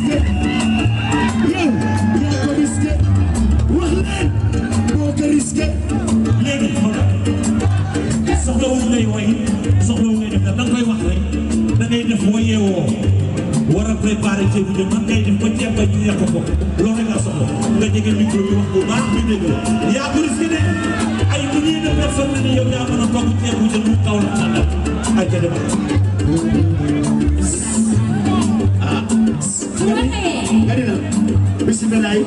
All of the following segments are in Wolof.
skate yow yaa ko risqué wax leen boo ko risqué léegi xoolal soxlawul ngay woy soxlawul ngay def da nga koy wax rek da ngay def woyee woo war a préparer ceeb bi de man ngay def ba ceeb ba ñu yàq ko loolu rek laa soxla nga jege micro bi wax bu baax ñu dégg la yaa ko risqué de ay milliers de personnes la ni yow yaa mën a togg ceeb bu jël bu kaw la xanaa ay ca demal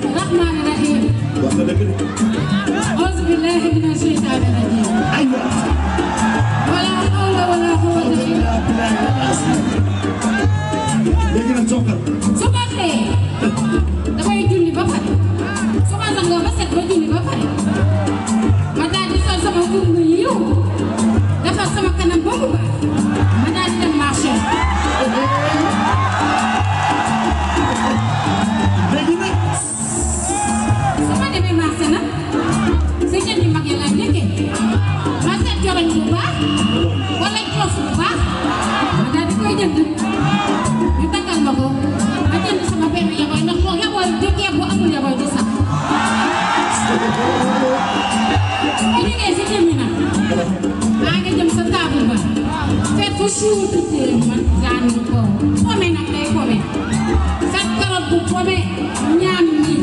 rahmaani rahiim wax na dëgg auzu billaahi mina sheytaani rajiim wala hawla wala quwwata illa billah léegi nag ba siiwul ci téere man daanu koom pome nag day pome sa karoot bu pome ñaam ñi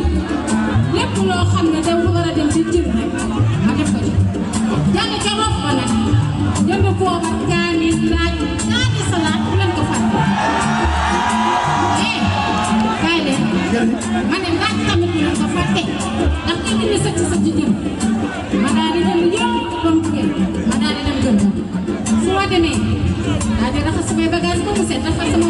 lépp loo xam ne da nga war a dem di jël rek ma def ko ci jàng ca rof ba nag jënd poobar kaani laaj kaani salaat bu leen ko fàtte eh kaay leen ma ne laaj tamit bu leen ko fàtte ndax indi na sa ci sa jigéen ma daal dafa sama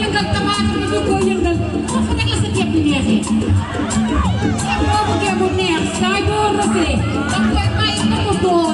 yëngal tabaat bi ñu ko yëngal foofu nag la sa ceeb bi neexee ceeb boo bëggee mu neex saa yoo rësee da koy bàyyi ba mu door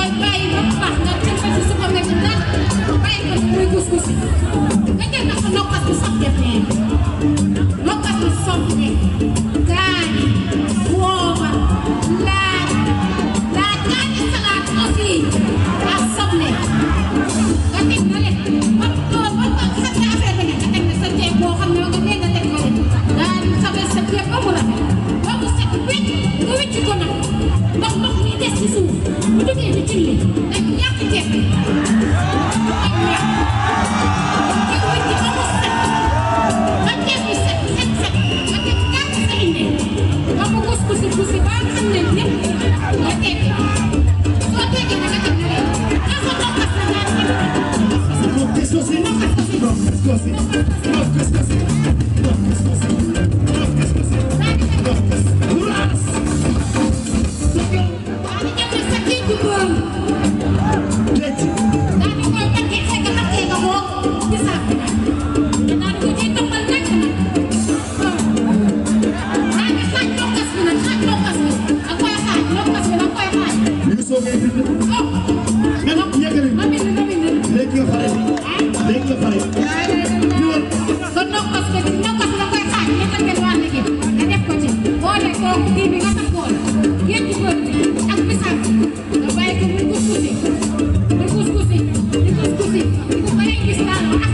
koy bàyyi bu baax nga jël ko